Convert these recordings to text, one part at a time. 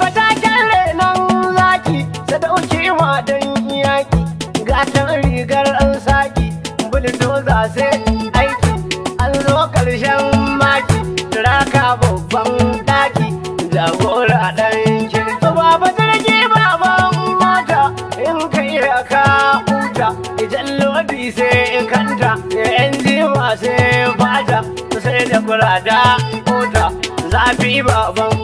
fataken renon zaki sadauki dan iyaki gatan rigar an saki doza sai aiki an zo karshen maki raka babban daki jagora dan kirki baba jirgi baban mata in kai raka huta idan lodi sai kanta yan jima sai fata sai da kurada kota zafi babban.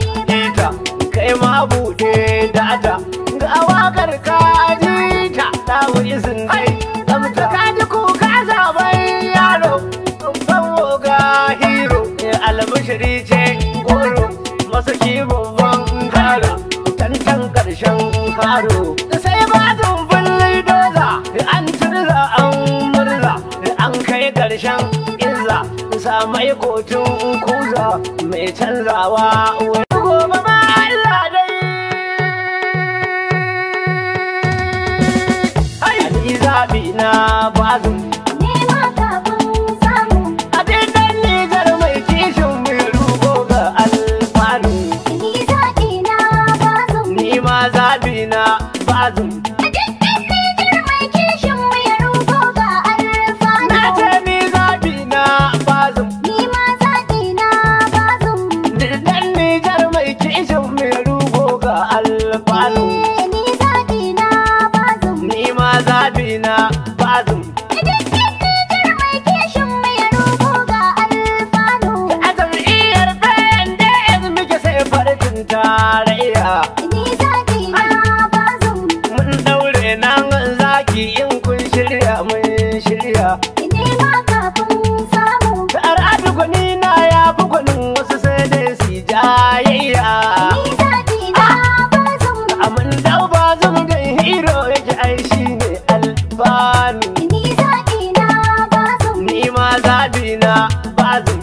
mai kotun kuza mai canzawa azum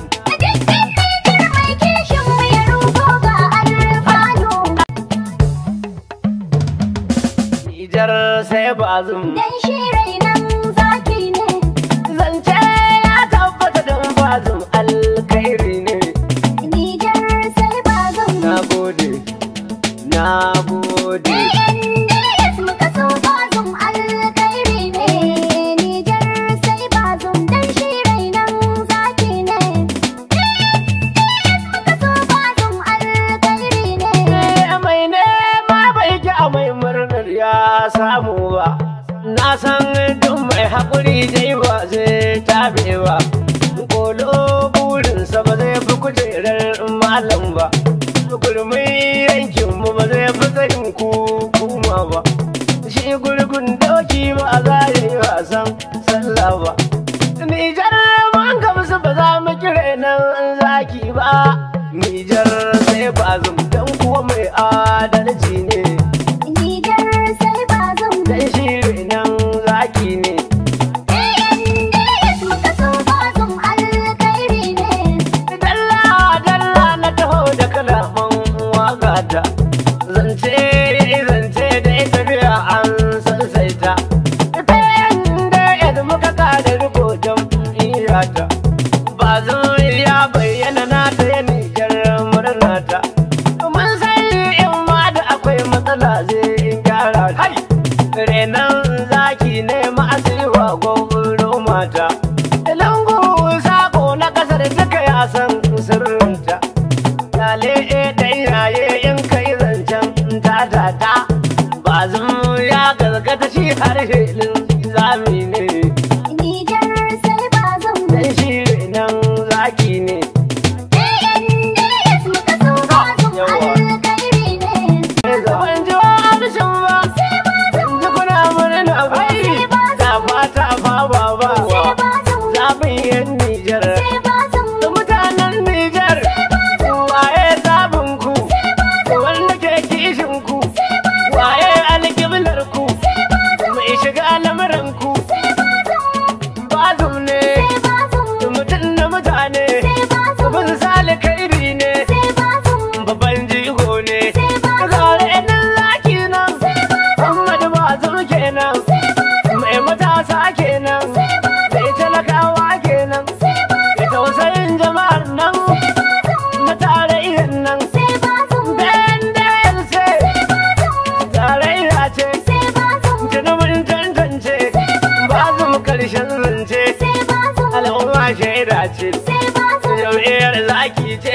Nijar sai bazum Dan shi rainan zaki ne Zance ya tabbata dan bazum alkhairi ne Nijar sai Na gode Na gode samu ba na san duk mai haƙuri zai ba zai tabe ba kolo burinsa ba zai fi kujerar malam ba gurmi yankin mu ba zai fi ku kuma ba shi gurgun doki ba za yi wasan sallah ba Nijar man gamsu ba za mu kire nan zaki ba Nijar sai ba dan kuwa mai ada zance zance da ita biya an sassaita ifayen da yadda muka da rubutun iyata ba ya bayyana na ta yi nijar murna ta mun san in ma da akwai matsala zai gyara ta renan zaki ne ma'asiwa gwamnati mata matasa kenan sai talakawa kenan da tausayin jama'ar nan na tare irin nan bayan dayar ce tarayya ce tunubin tantance ba su karshen zance al'umma shaida ce jam'iyyar zaki ce